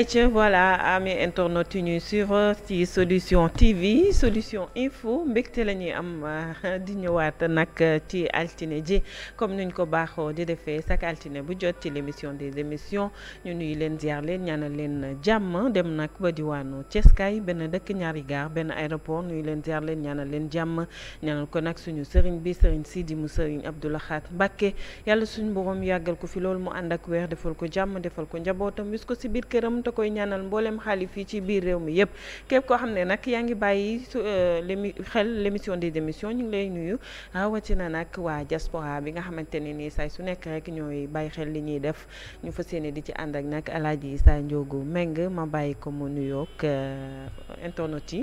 Aïcha voilà amee internautes yi ñuy suivre ci solution TV solution info mbégte la ñuy am di ñëwaat nag ci altine ji comme nuñ ko baaxoo di defee chaque altine bu jot ci l' des émissions ñu nuyu leen ziar leen ñaanal leen jàmm dem nag ba diwaanu Thiès kay benn dëkk ñaari gaar benn aéroport nuyu leen ziar leen ñaanal leen jàmm ñaanal ko nag suñu sëriñ bi sëriñ Sidi mu sëriñ Abdou Lahad Mbacké yàlla suñu mboroom yàggal ko fi loolu mu ànd ak weer defal ko jàmm defal ko njabootam wis ko si biir te koy ñaanal mboolem xaalif yi ci biir réew mi yëpp képp koo xam ne nag yaa ngi bàyyi euh, lémi xel l'émission des émissions ñu ngi lay nuyu ah, na nag waa diaspora bi nga xamante ne nii saay su nekk rek ñooy bàyyi xel li ñuy def ñu fas yéene di ci ànd ak nag yi saa njoogu Meng ma bàyyi ko mu nuyoog euh, internet yi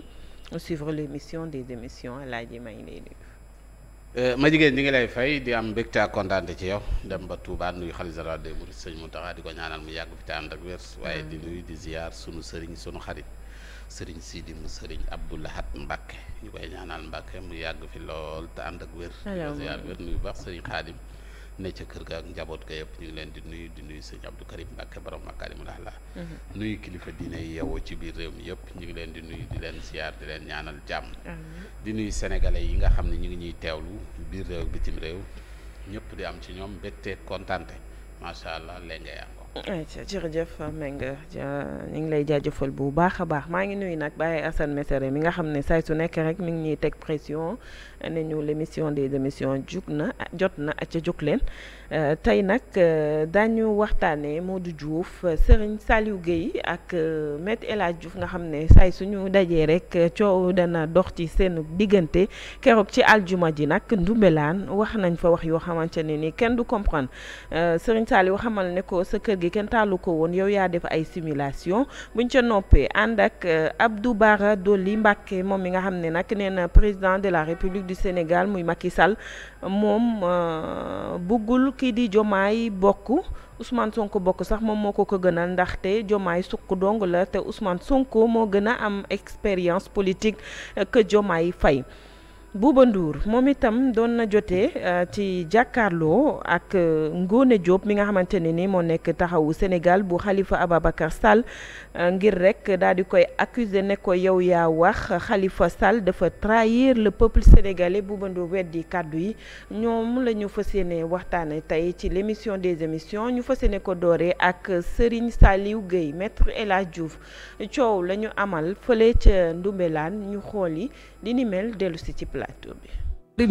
suivre l'émission des émissions alaaji maa ngi lay nuyu Euh, ma jigéen ñi ngi lay fay di am mbégte ak kontaante ci yow dem ba Touba nuyu xalifa général des mourides sëñ Mountakha di ko ñaanal mu yàgg fi te ànd ak wér waaye di nuyu di ziar sunu sëriñ sunu xarit sëriñ Sidi mu sëriñ Abdou Lahad Mbacke ñu koy ñaanal Mbacke mu yàgg fi lool te ànd ak wér. di ziar wér nuyu baax sëriñ Xaadim ne ca kër ga ak njaboot ga yëpp ñu ngi leen di nuyu di nuyu sëñ Abdou Karim Mbacke borom Makaarimul Axlaaq mhm. nuyu kilifa diine yeewoo ci biir réew mi yëpp ñu ngi leen di nuyu di leen siyaar di leen ñaanal jàmm. di nuyu sénégalais yi nga xam ne ñu ngi ñuy teewlu biir réew bitim réew ñëpp di am ci ñoom mbégte kontaante macha allah léegi ngay am. ayca jërëjëf Mbengue ñu ngi lay jaajëfal bu baax a baax maa ngi nuyu nag Baye Assane Mesere mi nga xam ne saay su nekk rek mi ngi ñuy teg pression ne ñu l'émission des démission jug na jot na ak ca jóg leen euh, tey nag euh, daañu waxtaanee moo Modou Diouf Serigne Saliou Guèye ak euh, Maître El Hadj Diouf nga xam ne saay suñu dajee rek coow dana dox ci seen diggante keroog ci aljuma ji nag ndumbelaan wax nañ fa wax yoo xamante ne ni kenn du comprendre Serigne Saliou xamal ne ko sa kër gi kenn taalu ko woon yow yaa def ay simulation buñ ca noppee ànd ak Abdou Bara Dolly Mbacké moom yi nga xam ne nag nee na président de la du Sénégal muy Macky Sall moom euh, buggul kii di Jomaay bokk Ousmane Sonko bokk sax moom moo ko ko gënal ndaxte Jomaay sukk dong la te Ousmane Sonko moo gën a am expérience politique euh, que Jomaay fay Bouba Ndour moom itam doon na jotee euh, ci jàkkaarloo ak euh, Ngone Diop mi nga xamante ne ni moo nekk taxawu Sénégal bu xalifa Ababacar Sall euh, ngir rek daal di koy accuser ne ko yow yaa wax xalifa Sall dafa trahir le peuple sénégalais Bouba Ndour weddi kàddu yi ñoom la ñu fas yéene waxtaane tey ci émission des émissions ñu fas yéene ko dooree ak Serigne Saliou Gueye maître El Hadj Diouf coow la amal fële ca Ndoumbelane ñu xool yi di mel dellu si ci plateau bi.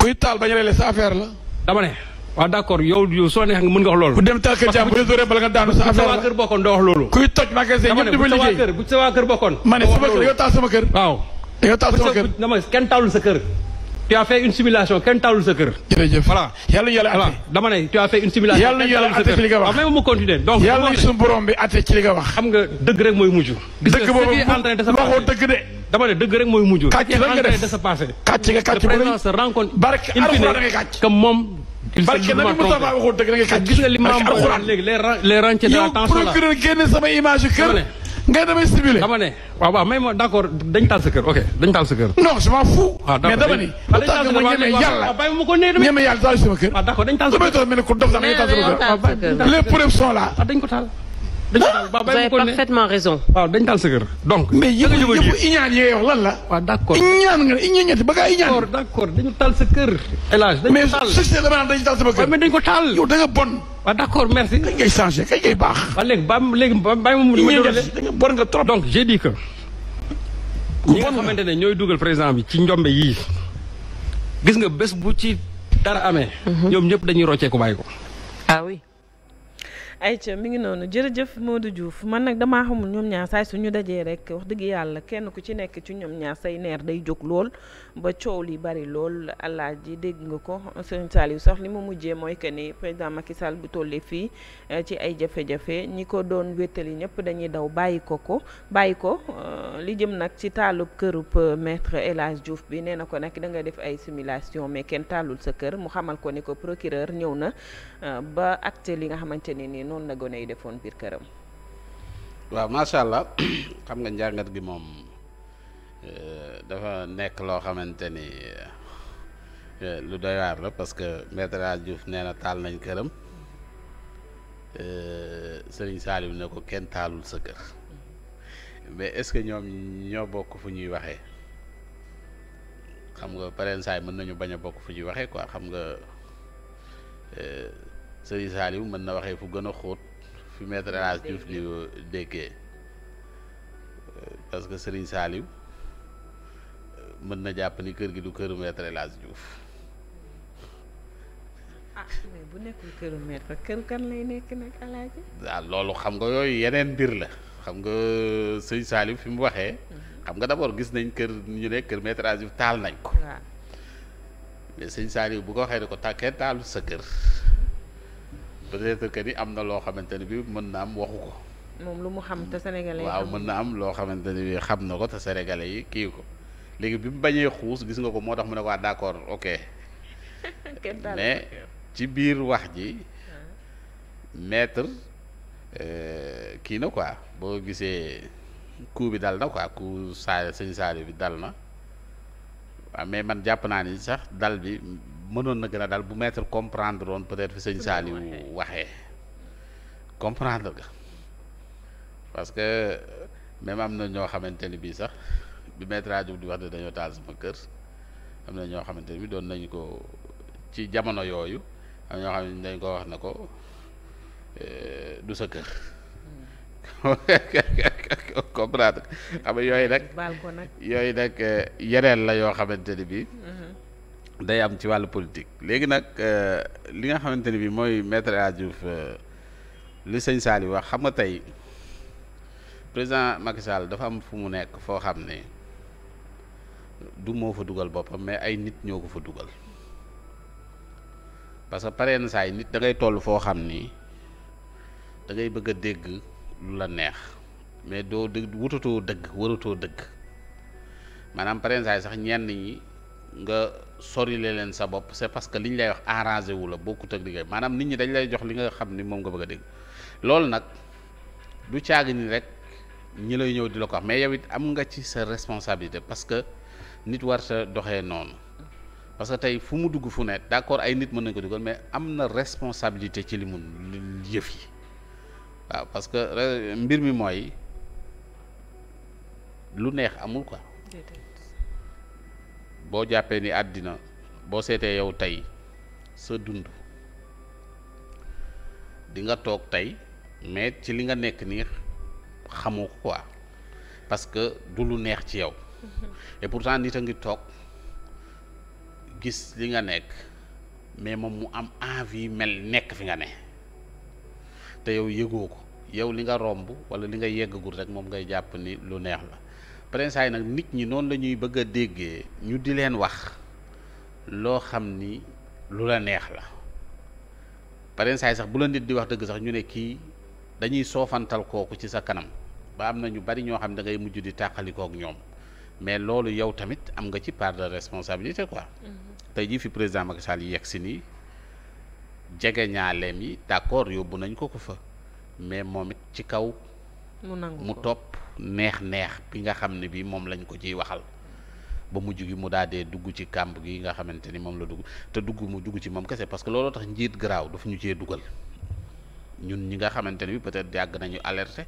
kuy taal bañ a rele sa affaire la. dama ne waaw d'accord yow yow soo neexee mën nga wax loolu. bu dem taal kër jàpp sa affaire la bu sa waa kër doo wax loolu. kuy toj magasin sa waa kër bokkoon. ma ne sama kër yow taal sama kër. waaw yow taal sama kër dama kenn taalul sa kër. tu as fait une simulation kenn ci li nga wax même mu continuer donc yàlla suñu borom bi àtte ci li nga wax. xam nga dëgg rek mooy mujj. dëgg boobu waxoo dëgg de. dama ne dëgg rek mooy mujj. kàcc lan nga def de sa passé. kàcc nga kàcc bu rëy se rencontre. barke alxuraan da dëgg da ngay kàcc. gis image kër. nga damay simulé dama ne may ma d' accord dañ taal sa kër ok je m'en fous. ah d' accord mais dañ taal sa kër ah, dañ taal sa kër. damay toog mel ni ku dof ah, dañ taal sama kër. les preuves sont là. ah dañ ko taal. dañ ah, ko daal ba bàyyi ko ne waaw dañ taal sa kër donc. mais yëpp iñaan yee wax la. waaw d' accord iñaan nga iñaan ñetti ba gaa iñaan. d' accord dañu taal sa kër. El dañu taal mais société dama naan dañu ko taal. yow da nga bon. waaw d' accord merci. kañ ngay changé ngay baax. waaw léegi ba léegi ba bàyyi ma. iñaan ñetti da nga bon nga donc j'ai que. ñi nga xamante ne ñooy dugal président bi ci njombe yii gis nga bés bu ci dara amee. Mhm. ñoom ñëpp dañuy roccee ko bàyyi ko. Ah ayca mi ngi noonu jërëjëf Modou Diouf man nag damaa xamul ñoom ñaar saay suñu dajee rek wax dëgg yàlla kenn ku ci nekk ci ñoom ñaar say neer day jóg lool ba coow li bari lool allah ji dégg nga ko Serigne Saliou sax li mu mujjee mooy que ni président Macky Sall bu tollee fii eh, ci ay jafe-jafe ñi ko doon wéttali ñëpp dañuy daw bàyyi ko ko bàyyi ko eh, li jëm nag ci taalu kërub eh, maître El élage Diouf bi nee na ko nag da nga def ay similation mais kenn taalul sa kër mu xamal ko ni ko procureur ñëw na li nga xamante ne noonu la gone yi defoon biir këram. waaw macha allah xam nga njàngat gi moom euh, dafa nekk loo xamante ni euh, lu doy la parce que maître El Diouf nee na taal nañ këram euh, sëriñ Saliou ne ko kenn taalul sa kër mais est-ce que ñoom ñoo bokk fu ñuy waxee xam nga pareen saay mën nañu bañ a bokk fu ñuy waxee quoi xam nga. sëriñ Saliou mën na waxee fu gën a xóot fu maître El Hadj Diouf déggee parce que sëriñ Saliou euh, mën na jàpp ni kër gi du këru maître El Hadj Diouf. ah mais bu nekkul këru maître kër kan lay nekk ah, loolu xam nga yooyu yeneen mbir la xam nga euh, sëriñ Saliou fi mu waxee. Mhm. xam nga d'abord gis nañ kër ñu ne kër maître El Hadj taal nañ ko. mais sëriñ Saliou bu ko waxee ne ko takkee taalu sa kër. peut-être que ni am na loo xamante ne bi mën na am waxu ko. moom lu mu xam te sénégalais waaw mën na am loo xamante ne bi xam na ko te sénégalais yi kii ko léegi bi mu bañee xuus gis nga ko moo tax mu ne ko waa ah, d'accord ok. mais ci biir wax ji. maître euh, kii na quoi boo gisee coup bi dal na quoi coup saa sëñ dal na mais man jàpp naa ni sax dal bi. mënoon na gën a daal bu maître comprendre woon peut-être fi sëñ Saliou waxee comprendre nga parce que même am na ñoo xamante ni bii sax bi maître bi di wax dañoo taal sama kër am na ñoo xamante ni bi doon nañ ko ci jamono yooyu am ñoo xam ne dañ ko wax na ko euh, du sa kër comprendre xam yooyu nag yooyu nag euh, yeneen la yoo xamante ni day am ci wàllu politique léegi nag euh, li nga xamante ni bii mooy maître El Hadj Diouf euh, li sëñ Saliou wax xam nga tey président Macky Sall dafa am fu mu nekk foo xam ne du moo fa dugal boppam mais ay nit ñoo ko fa dugal parce que pareen saa yi nit da ngay toll foo xam ni dangay bëgg a dégg lu la neex mais doo dëgg wutatoo dëgg waratoo dëgg maanaam pareen saa yi sax ñenn ñi nga. sori leen sa bopp c'est parce que li liñ lay wax arrangé wu la bokkut ak liggéey maanaam nit ñi dañ lay jox li nga xam ni moom nga bëgg a dégg loolu nag du caagi ni rek ñi lay ñëw di la ko wax mais yow it am nga ci sa responsabilité parce que nit war sa doxee noonu parce que tey fu mu dugg fu ne d'accord ay nit mën nañ ko dugal mais am na responsabilité ci li mun yëf yi waaw parce que mbir mi mooy lu neex amul quoi boo jàppee ni àddina boo seetee yow tey sa dund di nga toog tey mais ci li nga nekk nii xamu ko quoi parce que du lu neex ci yow mm-hmm. et pourtant nit a ngi toog gis li nga nekk mais moom mu am envie mel nekk fi nga ne te yow yëgoo ko yow li nga romb walla li nga yeggagul rek moom ngay jàpp ni lu neex la prensa yi nag nit ñi noonu la ñuy bëgg a déggee ñu di leen wax loo xam ni lu la neex la prensa yi sax bu la nit di wax dëgg sax ñu ne kii dañuy soofantal kooku ci sa kanam ba am na ñu bari ñoo xam ne da mujj di tàqalikook ñoom mais loolu yow tamit am nga ci part de responsabilité quoi mm-hmm. tey jii fi président Macky Sall yi yegg si nii jege ñaaleem yi d'accord yóbbu nañ ko ko fa mais moom it ci kaw mu topp neex-neex bi nga xam ne bii moom lañ ko ciy waxal ba mujj gi mu daa dee dugg ci kàmb gi nga xamante ni moom la dugg te dugg mu dugg ci moom kese parce que looloo tax njiit garaaw dafa ñu cee dugal ñun ñi nga xamante ne bi peut-être yàgg nañu alerter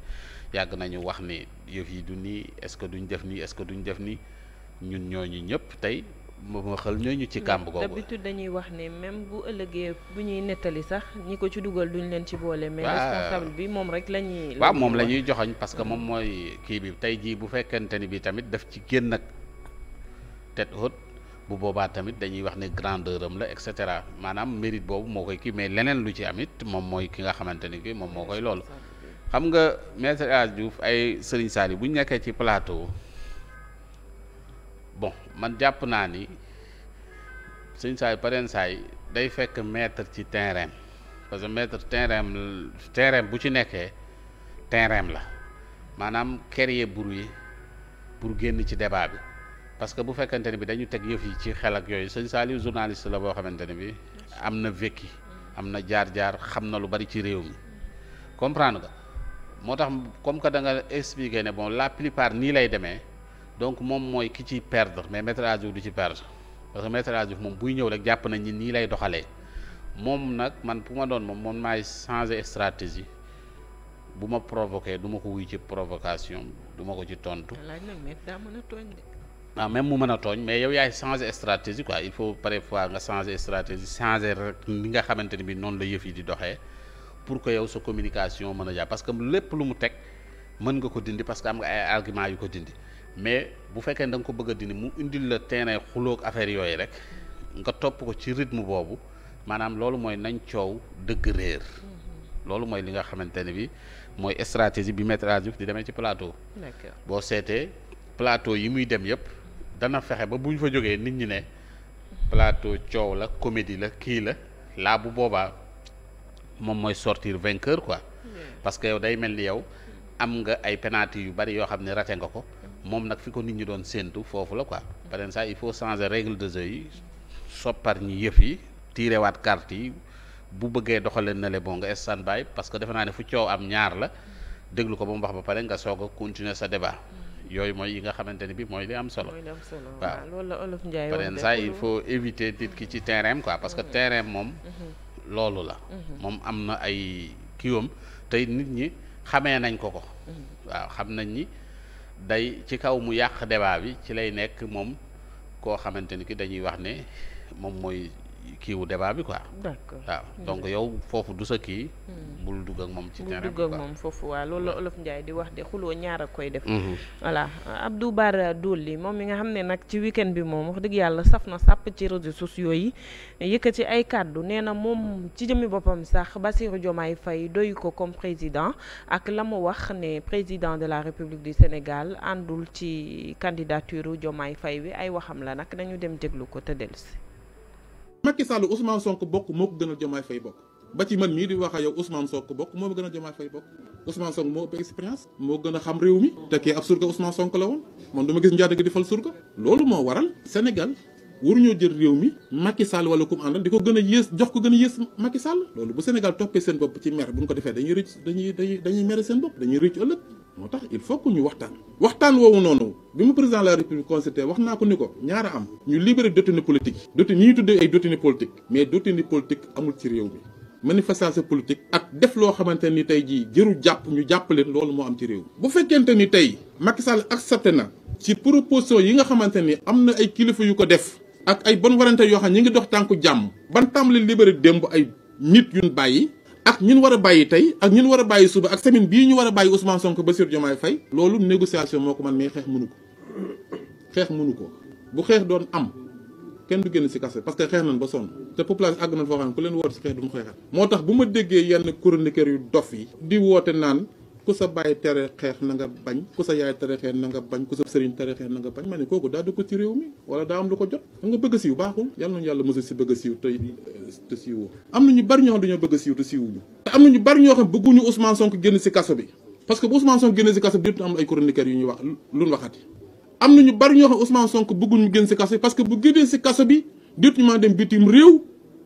yàgg nañu wax ni yëf yi du nii est-ce que duñ def nii est-ce que duñ def nii ñun ñooñu ñëpp tey ma xal ñooñu ci kàmb googu d'habitude dañuy wax ne même bu ëllëgee bu ñuy nettali sax ñi ko ci dugal duñ leen ci boole. mais responsable bi moom rek lañuy ñuy. moom la ñuy joxoñ parce que moom mooy kii bi tey jii bu fekkente ni bi tamit daf ci génn nag tête haute bu boobaa tamit dañuy wax ne grandeur am la et cetera maanaam mérite boobu moo koy kii mais leneen lu ci amit moom mooy ki nga xamante ni ki moom moo koy loolu. xam nga maître El Hadj Diouf ay Serigne Sall bu ñu nekkee ci plateau. bon man jàpp naa ni sëñ saa saay pareen saay day fekk maître ci terrain parce que maître terrain terrain bu ci nekkee terrain la maanaam créer bruit pour génn ci débat bi parce que bu fekkante ne bi dañu teg yëf yi ci xel ak yooyu sëñ Saliou journaliste la boo xamante ne bi am na vécu am na jaar-jaar xam na lu bari ci réew mi comprendre nga moo tax comme que da nga expliquer ne bon la plupart nii lay demee donc moom mooy ki ci perdre mais maître à du ci perdre parce que maître à moom buy ñëw rek jàpp nañ ni nii lay doxalee moom nag man bu ma doon moom moom maay changer stratégie bu ma provoqué du ma ko wuy ci provocation du ma ko ci tontu. ah même mu mën a tooñ mais yow yaay changer stratégie quoi il faut fois nga changer stratégie changer rek li nga xamante ni bi noonu la yëf yi di doxee pour que yow sa communication mën a jàpp parce que lépp lu mu teg mën nga ko dindi parce que am nga ay argument yu ko dindi. mais bu fekkee da nga ko bëgg a dindi mu indil la terrain xuloog affaire yooyu rek nga topp ko ci rythme boobu maanaam loolu mooy nañ coow dëgg réer. Mm-hmm. loolu mooy li nga xamante ne bi mooy stratégie bi Maître El di demee ci plateau. boo seetee plateau yi muy dem yëpp dana fexe ba bu ñu fa jógee nit ñi ne plateau coow la comédie la kii la laa bu boobaa moom mooy sortir vainqueur quoi. parce que yow day mel ni yow am nga ay penalty yu bari yoo xam ne rate nga ko. moom nag fi ko nit ñi doon séentu foofu la quoi paren ça il faut changer règle de jeu yi soppar ñi yëf yi tiirewaat carte yi bu bëggee doxaleen na le bon nga stand by parce que defe naa ne fu coow am ñaar la déglu ko ba mu wax ba pare nga soog a sa débat yooyu mooy yi nga xamante ne bi mooy li am solo waaw loolu la Olof Njaay paren ça il faut éviter nit ki ci terrain quoi parce que mm-hmm. terrain moom mm-hmm. loolu la mm-hmm. moom am na ay kiwam tey nit ñi xamee nañ ko ko waaw xam nañ ni day ci kaw mu yàq débat bi ci lay nekk moom koo xamante ni ki dañuy wax ne moom mooy kii wu débat bi quoi. d'accord waaw hmm. donc yow foofu du sa kii. Hmm. bul dugg ak moom ci terrain bi bul dugg ak moom foofu waaw loolu la hmm. Olof Ndiaye di wax de xuloo ñaar a koy def. voilà Abdou Bara Dolly moom mi nga xam ne nag ci weekend bi moom wax dëgg yàlla saf na sàpp ci réseaux sociaux yi yëkkati ay kàddu nee na moom ci jëmmi boppam sax Bassirou Diomaye fay doy ko comme président ak la mu wax ne président de la République du Sénégal àndul ci candidature Diomaye Faye bi ay waxam la nag nañu dem déglu ko te dellusi Macky Sall Ousmane Sonko bokk moo ko gënal Diomaye Faye bokk ba ci man mii di wax ak yow Ousmane Sonko bokk moo ma gënal Diomaye Faye bokk Ousmane Sonko moo ëpp expérience moo gën a xam réew mi te kee ab surga Ousmane Sonko la woon man du ma gis njaadëgg di fal surga loolu moo waral Sénégal waruñoo jël réew mi Macky Sall wala kum àndal di ko gën a yées jox ko gën a yées Macky Sall loolu bu Sénégal toppee seen bopp ci mer bu ñu ko defee dañuy rëcc dañuy dañuy dañuy mere seen bopp dañuy rëcc ëllëg moo tax il faut que ñu waxtaan waxtaan woowu noonu bi mu président de la république constaté wax naa ko ni ko ñaara am ñu libéré détenu politique yi détenu ñi tuddee ay détenu politique mais détenu politique amul ci réew mi manifestation politique ak def loo xamante ni tey jii jëru jàpp ñu jàpp leen loolu moo am ci réew mi bu fekkente ni tey Macky Sall accepté na ci proposition yi nga xamante ni am na ay kilifa yu ko def ak ay bonne volonté yoo xam ñi ngi dox tànku jàmm ban tàmbali libéré démb ay nit yuñ bàyyi ak ñun war a bàyyi tey ak ñun war a bàyyi suba ak semaine bii ñu war a bàyyi Ousmane Sonko Bassirou Diomaye Faye loolu négociation moo ko man mais xeex mënu ko xeex mënu ko bu xeex doon am kenn du génn si kase parce que xeex nañ ba sonn te population àgg nañ foo xam ku leen woote si xeex du mu xeexal moo tax bu ma déggee yenn chroniqueur yu dof yi di woote naan ku sa bàyyi tere xeex na nga bañ ku sa yaay tere xeex na bañ ku sa sëriñ tere xeex na bañ ma ne kooku daa dugg ci réew mi wala daa am lu ko jot da nga bëgg siiw baaxul yàlla nañu yàlla mosul si bëgg eh, siiw te te siiwoo siiwuñu te am nañu bari ñoo xam bëgguñu Ousmane Sonko génn si kaso bi parce que bu Ousmane Sonko génn si kaso bi am ay chroniqueurs yu ñuy wax luñ waxati am nañu bari ñoo xam Ousmane Sonko bëgguñu génn si kaso bi parce que bu génnee si kaso bi réew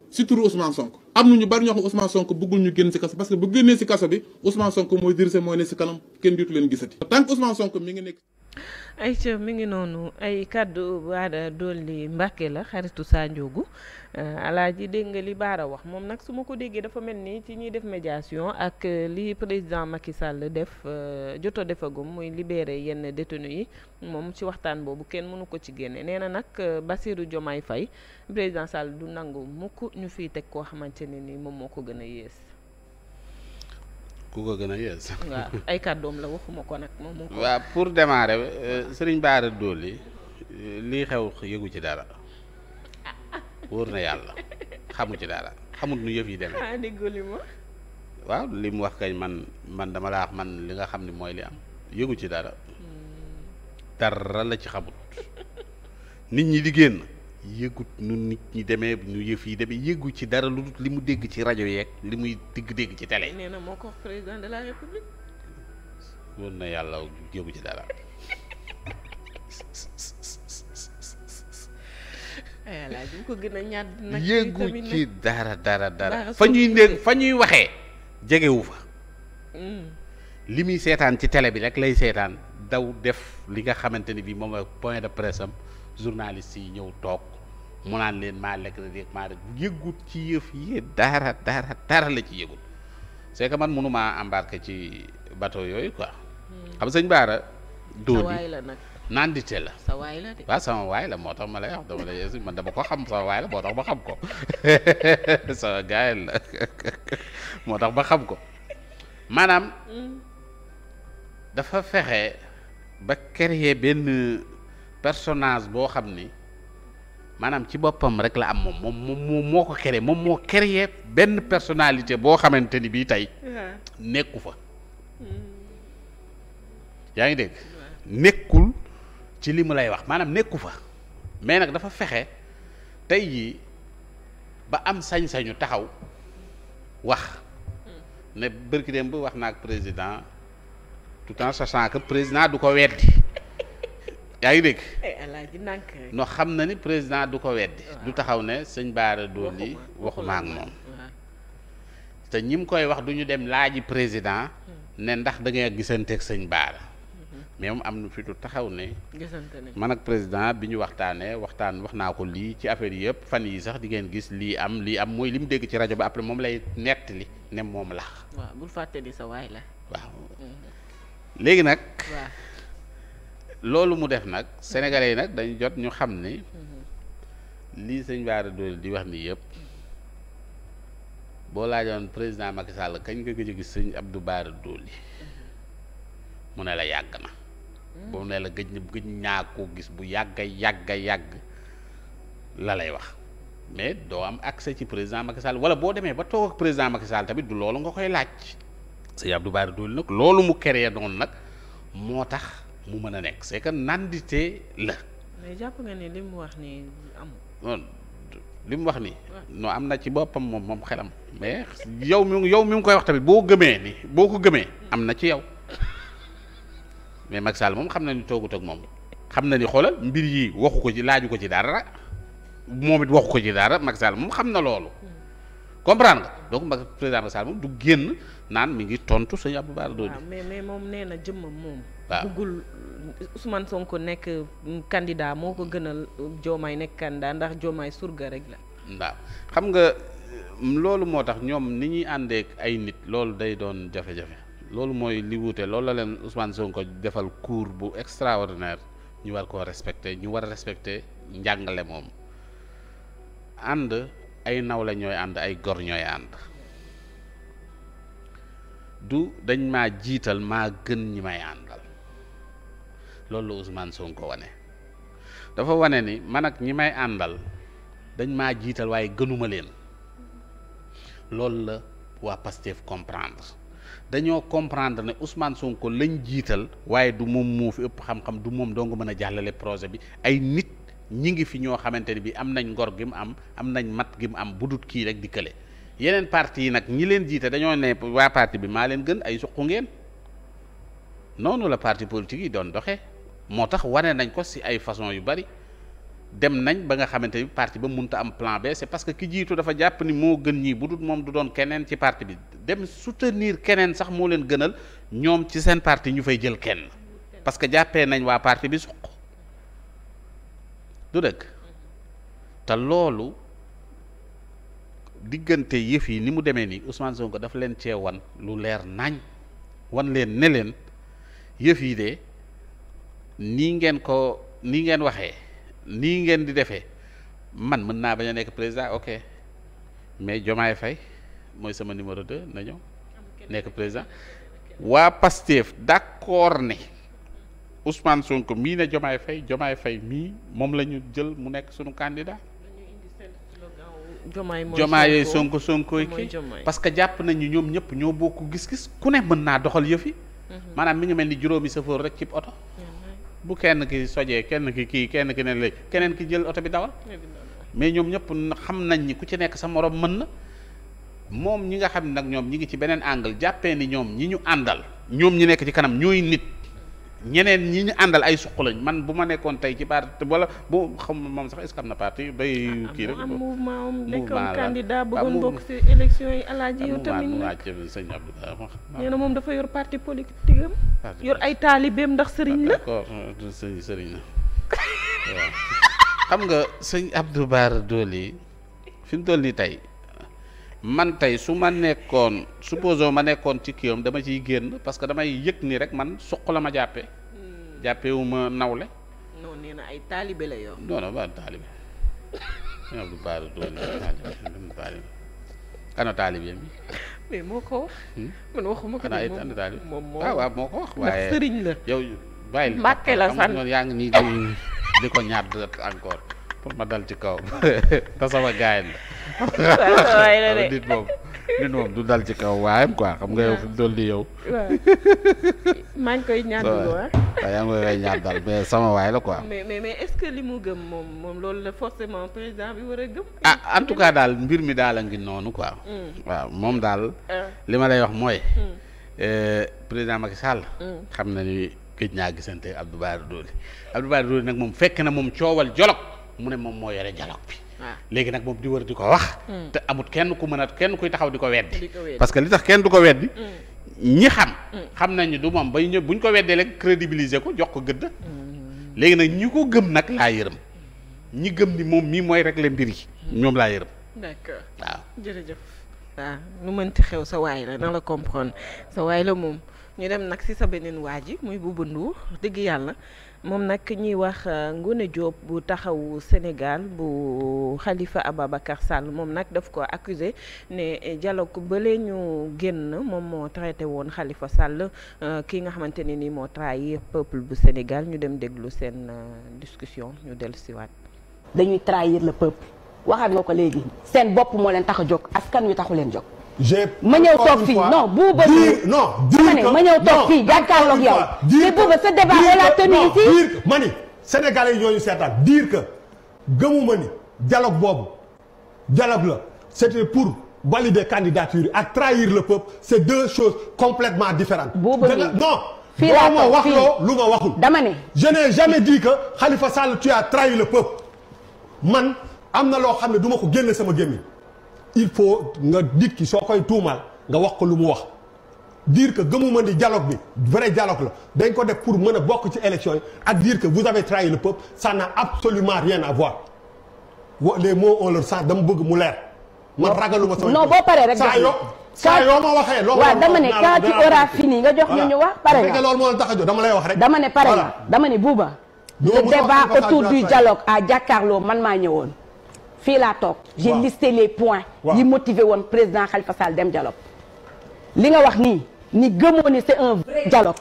surtout Ousmane Sonko am na ñu bari ñoo xam Ousmane Sonko bëggul ñu génn ci kaso parce que bu génnee ci kaso bi Ousmane Sonko mooy dirse mooy ne ci kanam kenn diitu leen gisati tant que Ousmane Sonko ngi nekk. ay ayca mi ngi noonu ay kàddu baada li Mbàkke la xaritu Sa Ndiogou euh, alaaji dégg nga li baara wax moom nag su ma ko déggee dafa mel nii ci ñuy def médiation ak euh, li président Macky Sall def euh, joto defagum muy libéré yenn détenus yi moom ci waxtaan boobu kenn mënu ko ci génne nee na nag Bassirou Diomaye fay président Sall du nangu mukk ñu fiy teg koo xamante ne ni moom moo ko gën a yées ku ko gën a yees. waaw ay la waxuma ko nag moom moo ko. waaw pour démarrer euh, Serigne Bara euh, li lii xew yëgu ci dara wóor na yàlla xamu ci dara xamut nu yëf yi demee. Ah, li waaw li mu wax kañ man man dama laa wax man li nga xam ne mooy li am yëgu ci dara. Hmm. dara la ci xamut nit ñi di génn. yëgut nu nit ñi demee nu yëf yi demee yëgu ci dara lu li mu dégg ci rajo yeeg li muy dégg-dégg ci télé. nee na moo ko président de la na yàlla yëgu ci dara. aywa ko gën a ñaat nag yëgu ci dara dara dara. fa ñuy dégg fa ñuy waxee. jegewu fa. Mm. li muy seetaan ci tele bi rek lay seetaan daw def li nga xamante ni bii moom mooy point de presse am. journaliste yi ñëw toog mu hmm. naan leen maa lekk na rek maa rek yëgut ci yëf yi dara dara dara la ci yëgut c'est que man mënumaa embarqué ci bato yooyu quoi hmm. xam sëñ Baara dóor yi nandite la sa waay la sama waay la moo tax ma lay wax dama ko xam sama waay la moo tax ba xam ko sama gaay la moo tax ma xam ko maanaam hmm. dafa fexe ba créer benn personnage boo xam ni maanaam ci boppam rek la am moom moom moom moo ko créé moom moo créé benn personnalité boo xamante ni bii tey. nekku fa. Hmm. yaa ngi dégg. nekkul ci li mu lay wax maanaam nekku fa mais nag dafa fexe tey jii ba am sañ-sañu taxaw wax hmm. ne bërki dem ba wax na ak président tout en sachant président du ko weddi. yaa ngi dégg. Eh, no xam na ni président du ko weddi. du taxaw ne sëñ Baara doon waxuma ak moom. te ñi koy wax du ñu dem laaji président. Hmm. ne ndax da ngay gisante ak sëñ Baara. Hmm. mais moom am na fitu taxaw ne. man ak président bi ñu waxtaanee waxtaan wax naa ko lii ci affaire yëpp fan yi sax di ngeen gis lii am lii am mooy li mu dégg ci rajo bi après moom lay nettali ne moom la. waaw fàtte di sa waay la. waaw hmm. léegi nag. loolu mu def nag sénégalais yi nag dañu jot ñu xam ni lii sëñ Bara Dolly di wax nii yëpp boo laajoon président Macky Sall kañ nga gëj a gis sëñ baara dool Dolly mu ne la yàgg na boo ne la gëj na gëj ñaa koo gis bu yàgga yàgga yàgg la lay wax mais doo am accès ci président Macky Sall wala boo demee ba toog ak président Macky Sall tamit du loolu nga koy laaj sëñ Abdou Bara Dolly nag loolu mu créé doon nag moo tax mu mën a nekk c'est que nandité la. mais jàpp nga ne li mu wax nii amul. li mu wax nii. noo am na ci boppam moom moom xelam. mais yow mi yow mi mu koy wax tamit boo gëmee ni boo ko gëmee. am na ci yow mais Macky Sall moom xam na ni toogut ak xam na ni xoolal mbir yi waxu ko ci laaju ko ci dara moom it waxu ko ci dara moom xam na loolu. Hmm. comprendre nga donc Macky président Macky Sall moom du génn naan mi ngi tontu sëñ Abdou Bara Dolly. Ah, mais mais moom nee jëmmam moom. waaw bëggul Ousmane Sonko nekk candidat moo ko gënal Diomaye nekk candidat ndax Diomaye surga rek la. waaw xam nga loolu moo tax ñoom ni ñuy àndee ay nit loolu day doon jafe-jafe loolu mooy li wuute loolu la leen Ousmane Sonko defal cours bu extraordinaire ñu war ko respecté ñu war a respecté njàngale moom ànd ay nawle ñooy ànd ay gor ñooy ànd du dañ ma jiital maa gën ñi may àndal. loolu la Ousmane Sonko wane dafa wane ni man ak ñi may àndal dañ maa jiital waaye gënuma leen loolu la waa Pastef comprendre dañoo comprendre ne Ousmane Sonko lañ jiital waaye du moom moo fi ëpp xam-xam du moom dong mën a jàllale projet bi ay nit ñi ngi fi ñoo xamante ni bi am nañ ngor gi mu am am nañ mat gi mu am budut kii rek di kële yeneen parti yi nag ñi leen jiite dañoo ne waa parti bi maa leen gën ay suqu ngeen noonu la parti politique yi doon doxee moo tax wane nañ ko si ay façon yu bari dem nañ ba nga xamante ni parti ba mënut a am plan B c'est parce que ki jiitu dafa jàpp ni moo gën ñii bu dul moom du doon keneen ci parti bi dem soutenir keneen sax moo leen gënal ñoom ci seen parti ñu fay jël kenn parce que jàppee nañ waa parti bi suq du dëkk te loolu diggante yëf yi ni mu demee nii Ousmane Sonko dafa leen cee wan lu leer nañ wan leen ne leen yëf yi de. nii ngeen ko nii ngeen waxee nii ngeen di defee man mën naa bañ a nekk président ok mais Diomaye fay mooy sama numéro de na ñëw nekk président waa Pastef d'accord ne Ousmane Sonko mii ne Diomaye fay Diomaye fay mii moom lañu jël mu nekk sunu candidat Diomaye Sonko Sonko kii parce que jàpp nañu ñoom ñëpp ñoo bokk gis-gis ku ne mën naa doxal yëf yi mhm. maanaam mi ngi mel ni juróomi safoor rek ci oto bu kenn ki sojee kenn ki kii kenn ki ne léegi keneen ki jël oto bi dawal mais ñoom ñëpp xam nañ ni ku ci nekk sa moroom mën na moom ñi nga xam ne nag ñoom ñi ngi ci beneen angle jàppe ni ñoom ñi ñu àndal ñoom ñu nekk ci kanam ñooy nit ñeneen ñi ñu àndal ay suq lañ man bu ma nekkoon tey ci parti wala bu xam moom sax est-ce am na parti bay ah, ah, kii rek. am mouvement am nekkoon ah, bëggoon bokk ci élection yi alaaji yow tamit nag sëñ Abdou moom dafa yor parti politique am yor ay taalibeem ndax sëriñ la d'accord euh, sëñ sëriñ la waaw xam nga sëñ Abdou Bara Dolly fi mu toll nii tey man tey su ma nekkoon supposons ma nekkoon ci kiwam dama ciy génn parce que damay yëg ni rek man suq la ma jàppe hmm. jàppe ma nawle. non nee na ay taalibe la yow. non non ba taalibe ñoom du baalu moo ko wax. Hmm? Ah, moo ko wax. waaye sëriñ la la san yaa ngi nii di ko ñaar encore pour ma dal ci kaw te sama gaay la. waaye la nit moom nit moom du dal ci kaw waayam quoi xam nga yow fi mu toll yow. waaw maa ngi koy ñaan dal ah. yaa ngi koy ñaan dal mais sama waay la quoi. li mu gëm moom moom loolu la forcément président bi war ah en tout cas daal mbir mi daal a ngi noonu quoi. Hmm. waaw moom daal. Ah. li ma lay wax mooy. Hmm. Eh, président Macky Sall. Hmm. xam na ni gëj naa gisante Abdou Bara Dolly Abdou Bara Dolly nag moom fekk na moom coowal dialogue mu ne moom moo yore dialogue bi. léegi nag moom di wër di ko wax hmm. te amut kenn ku mën a kenn kuy taxaw di ko weddi parce que li tax kenn du ko weddi hmm. ñi xam hmm. xam nañu du moom bay ñëw bu ñu ko weddee rek crédibiliser ko jox ko gëdd léegi nag ñi ko gëm nag laa yërëm ñi gëm ni moom mii mooy régler mbir yi ñoom laa yërëm d'accord waaw jërëjëf waaw nu mënti xew sa waay la na la comprendre sa waay la moom ñu dem nag si sa beneen waa ji muy Bouba Ndour dëgg yàlla moom nag ñuy wax euh, Ngoné Diop bu taxawu Sénégal bu Khalifa Ababacar Sall moom nag daf ko accusé ne euh, dialogue bële ñu génn moom moo traité woon Khalifa Sall euh, ki nga xamante ne ni moo trahir peuple bu Sénégal ñu dem déglu seen discussion ñu dellu siwaat dañuy trahir le peuple waxaat nga ko léegi seen bopp moo leen tax a jóg askan wi taxu leen jóg ma ñëw toog fii non buuba. diir non diir que ma ñëw toog fii jàkkaarloog yow. diir que buuba sa ma ni Sénégalais yi ñooñu seetaan diir que gëmuma ni dialogue boobu dialogue la c'était pour valider candidature yi ak trahir le peuple c'est deux choses complètement différentes. buuba bi non. fii laa ma wax loo lu ma waxul. dama ne je n'ai jamais dit que Khalifa Sall tu as trahi le man am na loo xam ne du ma ko génne sama gémmiñ. il faut nga nit soo koy tuumaal nga wax ko lu mu wax diir que gëmuma ni dialogue bi vrai dialogue la dañ ko def pour mën a bokk ci élection ak dire que vous avez trahi le peuple ça n'a absolument rien à voir wa les mots ont leur sens dama bëgg mu leer man ragaluma sama non boo paree rek saa yoo saa yoo ma waxee loo waaw dama ne quand tu auras fini nga jox ñu ñu wax pare nga loolu moo la tax a jox dama lay wax rek dama ne pare nga dama ne buuba le débat autour du dialogue a Jakaarlo man maa ñëwoon fii laa toog. j'ai listé les points. yi motivé woon président Khalifa Sall dem dialogue. li nga wax nii ni gëmoo ni c'est un vrai dialogue.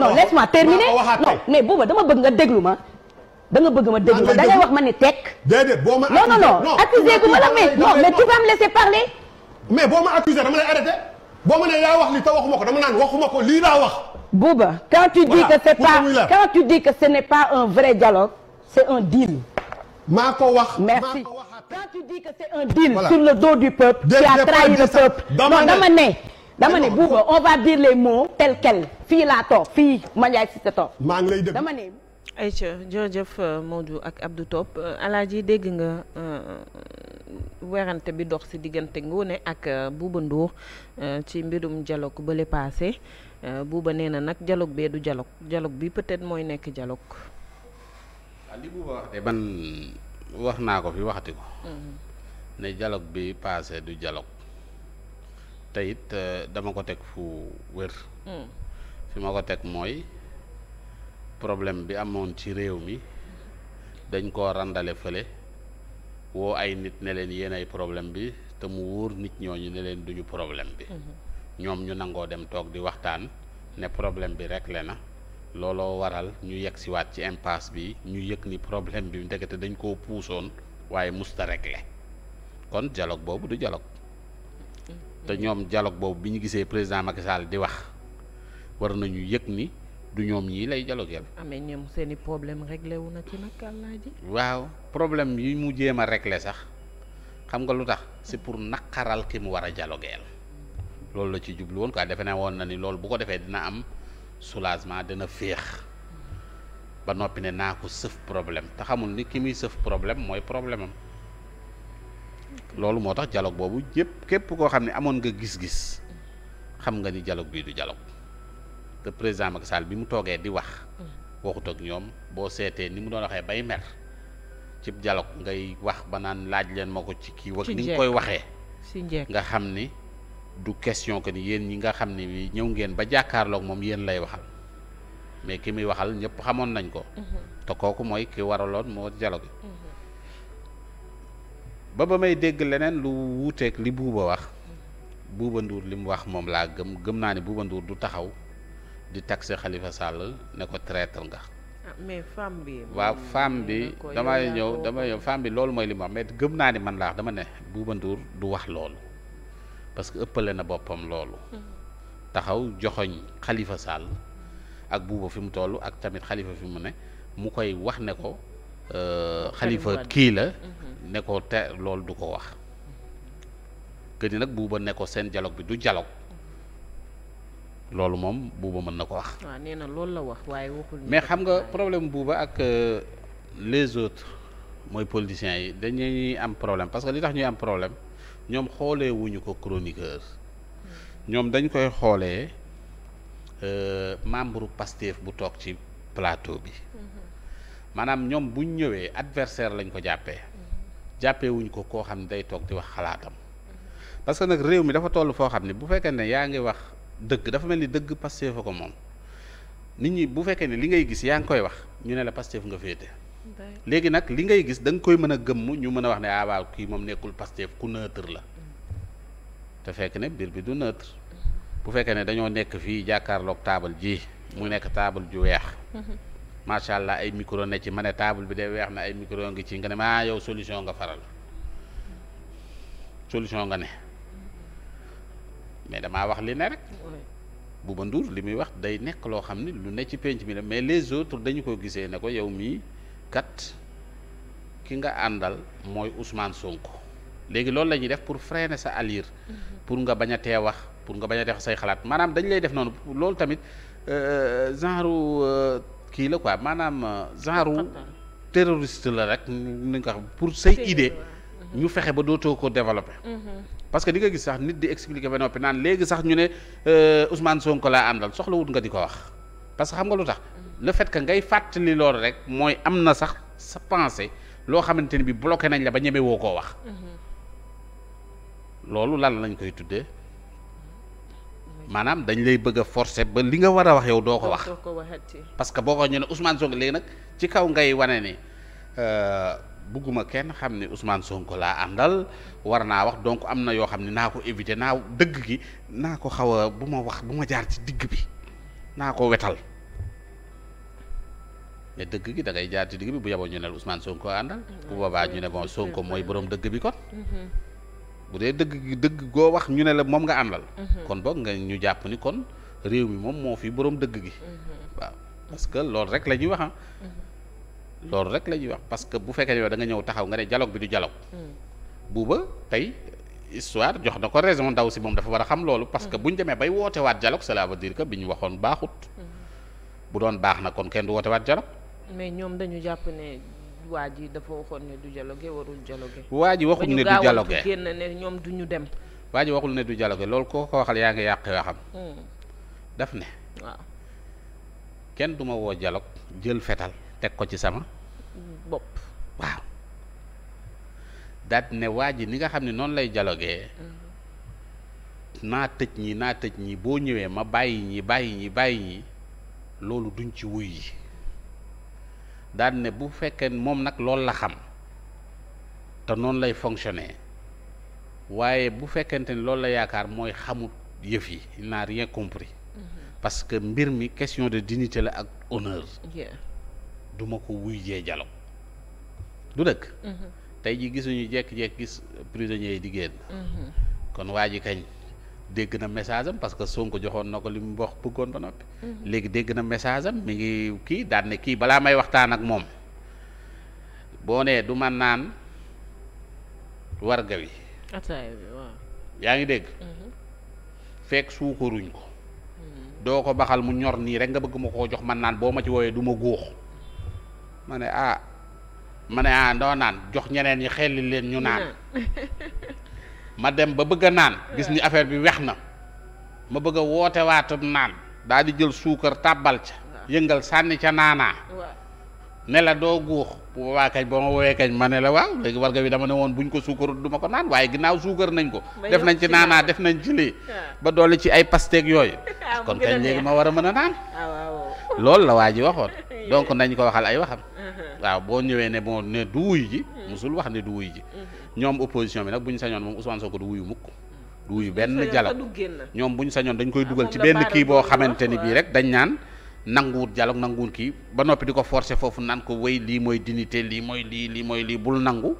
non laisse-moi terminer non mais booba dama bëgg nga déglu ma. da nga bëgg ma déglu ma da ngay ma ni tekk. déedéet boo ma accusé non non non accusé gu la mais non mais tu vas laisser parler. mais boo ma accusé dama lay arrêté. boo ma ne yaa wax li te waxuma ko dama naan ma ko lii laa wax. Bouba quand tu dis que c'est pas quand pas un vrai dialogue c'est un deal. maa quand tu dis que dama ne. dama ne Bouba on va dire les mots tels quels fii laa toog fii ma Ndiaye sa toog. maa ngi lay dégg dama ne. Aïcha jërëjëf euh, Maodo ak Abdou Top euh, Alaaji dégg nga euh, werante bi dox ci diggante Ngoné ak Bouba Ndour ci mbirum dialogue ba le passé Bouba na nag dialogue bee du dialogue dialogue bi peut-être mooy nekk dialogue. Ah, wax naa ko fi waxati ko mm-hmm. ne dialogue bi paase du dialogue te it euh, dama ko teg fu wér mm. fi ma ko teg mooy problème bi amoon ci réew mi dañ koo randale fële woo ay nit ne leen yéen ay problème bi te mu wóor nit ñooñu ne leen duñu problème bi mm-hmm. ñoom ñu nangoo dem toog di waxtaan ne problème bi réglé na looloo waral ñu yegg si ci impasse bi ñu yëg ni problème bi ndekete dañ koo puusoon waaye musta réglé kon dialogue boobu du dialogue te mm-hmm. ñoom jaloog boobu bi ñu gisee président Macky Sall di wax war nañu yëg ni du ñoom ñii lay dialogueel. amee ah, ñoom seen i problème réglé wu na ci nag waaw problème yi mu jéem a réglé sax xam nga lu tax c'est pour naqaral ki mu war a dialogueel loolu la ci jublu woon quoi defe ne woon na ni loolu bu ko defee dina am. soulagement dana féex ba noppi ne naa ko sëf problème te xamul ni ki muy sëf problème mooy problème loolu moo tax dialogue boobu yëpp képp koo xam ne amoon nga gis-gis xam nga ni dialogue bii du dialogue te président Macky Sall bi mu toogee di wax waxut ak ñoom boo seetee ni mu doon waxee bay mer ci dialogue ngay wax ba naan laaj leen ma ko ci kii wax ni nga koy waxee nga xam ni du question que ni yéen ñi nga xam ne bi ñëw ngeen ba jàkkaarloog moom yéen lay waxal mais ki muy waxal ñëpp xamoon nañ ko mm-hmm. te kooku mooy ki waraloon moo dialogue bi mm-hmm. ba ba may dégg leneen lu wuuteeg li buuba wax buuba nduur li mu wax moom laa gëm gëm naa ne buuba du taxaw di taxe Khalifa Sall ne ko traître nga ah, mais femme bi waaw femme bi damay ñëw damay ñëw bi loolu mooy li mu gëm naa ni man laa dama ne buuba nduur du wax loolu parce que ëppale na boppam loolu taxaw joxoñ xalifa Sall ak buuba fi mu toll ak tamit xalifa fi mu ne mu koy wax ne ko xalifa euh, kii la mhm. ne ko te loolu du ko wax que nag buuba ne ko seen dialogue bi du dialogue loolu moom buuba mën na ko wax. waaw nee na loolu la wax waaye mais xam nga problème buuba ak euh, les autres mooy politiciens yi dañuy am problème parce que li tax ñuy am problème. ñoom xoolee wuñu ko chroniqueur ñoom dañ koy xoolee euh, membre Pastef bu toog ci plateau bi maanaam ñoom buñ ñëwee adversaire lañ ko jàppee jàppee wuñ ko koo xam ne day toog di wax xalaatam parce que nag réew mi dafa toll foo xam ne bu fekkee ne yaa ngi wax dëgg dafa mel ni dëgg Pastef a ko moom nit ñi bu fekkee ne li ngay gis yaa ngi koy wax ñu ne la Pastef nga féete léegi nag li ngay gis da nga koy mën a gëmm ñu mën a wax ne aawaaw ah, kii moom nekkul Pastef ku neutre la mm-hmm. te fekk ne biir bi du neutre mm-hmm. bu fekkee ne dañoo nekk fii jàkkaarlook taabal ji mu nekk taabal ju weex mm-hmm. macha allah ay micro ne ci ma ne taabal bi de weex na ay micro ngi ci nga ne ma ah, yow solution nga faral solution nga ne mais damaa wax li ne rek bu nduur li muy wax day nekk loo xam ne lu ne ci penc mi la mais les autres dañu ko gisee ne ko yow mii kat ki nga àndal mooy Ousmane Sonko léegi loolu la ñuy def pour freiner sa allure. Mm-hmm. pour nga bañ a tee wax pour nga bañ a tee wax say xalaat maanaam dañ lay def noonu loolu tamit euh, genre euh, kii la ko maanaam euh, genre. terroriste la rek ni nga xam pour say idée mm-hmm. ñu fexe ba dootoo ko développer. Mm-hmm. parce que di nga gis sax nit di expliquer ba noppi naan léegi sax ñu ne Ousmane Sonko laa àndal soxla wut nga di ko wax parce xam nga lu tax. le fait que ngay fàttali loolu rek mooy am na sax sa pensée loo xamante ni bi bloqué nañ la ba ñeme woo koo wax mm-hmm. loolu lan lañ koy tuddee mm-hmm. maanaam dañ lay bëgg a ba li nga war a wax yow doo ko wax parce que boo ko ñu ne Ousmane Sonko léegi nag ci kaw ngay wane ni euh, bugguma kenn xam ne Ousmane Sonko laa àndal war naa wax donc am na yoo xam ne naa ko éviter naa dëgg gi naa ko xaw a bu ma wax bu ma jaar ci digg bi naa ko wetal mais dëgg gi da ngay jaar ci digg bi bu yaboo ñu ne Ousmane Sonko àndal. bu boobaa ñu ne bon mm-hmm. Sonko mooy borom dëgg bi kon. Mm-hmm. bu dee dëgg gi dëgg goo wax ñu ne la moom nga àndal. Mm-hmm. kon boog nga ñu jàpp ni kon réew mi moom moo fi borom dëgg gi. waaw parce que loolu rek la ñuy wax ah. loolu rek la ñuy wax parce que bu fekkee yow da nga ñëw taxaw nga ne dialogue bi du dialogue. Mm. buuba tey histoire jox na ko raison ndaw si moom dafa war a xam loolu. parce que mm. bu ñu bay wootewaat dialogue cela veut dire bi ñu waxoon baaxut. Mm. bu doon na kon kenn du wootewaat dialogue. mais ñoom dañu jàpp ne waa ji dafa waxoon ne du dialogué warul dialogué. waa ji waxul ne du dialogué ba ñoom du ñu dem. waa waxul ne du dialogué loolu koo ko waxal yaa ngi yàq yoo xam. Hmm. daf ne. kenn du ma woo dialogue jël fetal teg ko ci sama. bopp waaw. daat ne waa ji ni nga xam ne noonu lay jaloge hmm. naa tëj ñi naa tëj ñi boo ñëwee ma bàyyi ñi bàyyi ñi bàyyi ñi loolu duñ ci wuy yi daal ne bu fekkee moom nag loolu la xam te noonu lay fonctionner waaye bu fekkente ni loolu la yaakaar mooy xamut yëf yi il rien compris mm-hmm. parce que mbir mi question de dignité la ak honneur du ko wuy jee du dëkk mm-hmm. tey ji gisuñu jekk-jekk gis prisonniers yi di génn mm-hmm. kon waa kañ dégg na message am parce que Sonko joxoon na ko li mu wax bëggoon ba noppi. Mhm. léegi dégg na message am mi ngi kii daan ne kii balaa may waxtaan ak moom boo nee du ma naan warga wi. yaa ngi dégg. Mhm. fekk suukaruñ ko. Mhm. doo ko baxal mu ñor nii rek nga bëgg ma koo jox man naan boo ma ci woowee du ma góox ma ne ah ma ne ah doo naan jox ñeneen ñi xelli leen ñu naan. ma dem ba bëgg a naan gis ni affaire bi weex na ma bëgg a woote waatum naan daal di jël suukar tàbbal ca yëngal sànni ca naanaa ne la doo guux bu boobaa kañ boo ma woowee kañ ma ne la waaw léegi warga bi dama ne woon buñ ko suukarut du ma ko naan waaye ginnaaw suukar nañ ko def nañ ci naanaa def nañ ci lii ah. ba doole ci ay pasteek yooyu ah, kon kañ léegi ma war a mën a naan ah, loolu la waa ji waxoon donc nañ ko waxal ay waxam uh-huh. waaw boo ñëwee ne bon ne du wuy ji uh-huh. musul wax ne du ñoom opposition bi nag bu ñu sañoon moom Ousmane Sonko du wuyu mukk du wuyu benn dialogue ñoom bu ñu sañoon dañ koy ah, dugal ci benn kii boo xamante ni bii rek dañ naan nanguwut jaloo nanguwut kii ba noppi di ko forcer foofu naan ko wéy lii mooy dignité lii mooy lii lii mooy lii bul nangu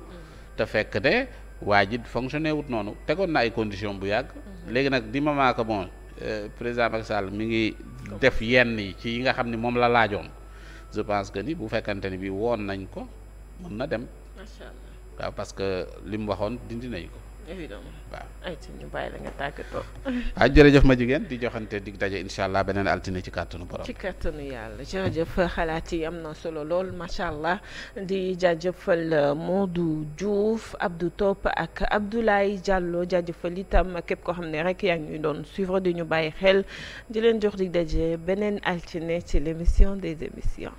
te fekk de waa ji fonctionné wut noonu tegoon na ay condition bu yàgg mhm. léegi nag di moment que bon euh, président Macky Sall mi ngi def yenn yi ci yi nga xam ne moom la laajoon je pense que ni bu fekkante ni bi woon nañ ko na dem. waaw parce que li mu waxoon dindi nañu ko. évidemment waaw. ñu bàyyi la nga tàggatoo. ah jërëjëf ma jigéen di joxante dig daje incha allah beneen altine ci kàttanu borom. ci kàttanu yàlla jëf xalaat yi am na solo lool macha allah di jaajëfal euh, Modou Diouf Abdou Top ak Abdoulaye Diallo jaajëfal itam képp koo xam ne rek yaa ngi doon suivre di ñu bàyyi xel di leen jox dig daje beneen altine ci l' émission des émissions.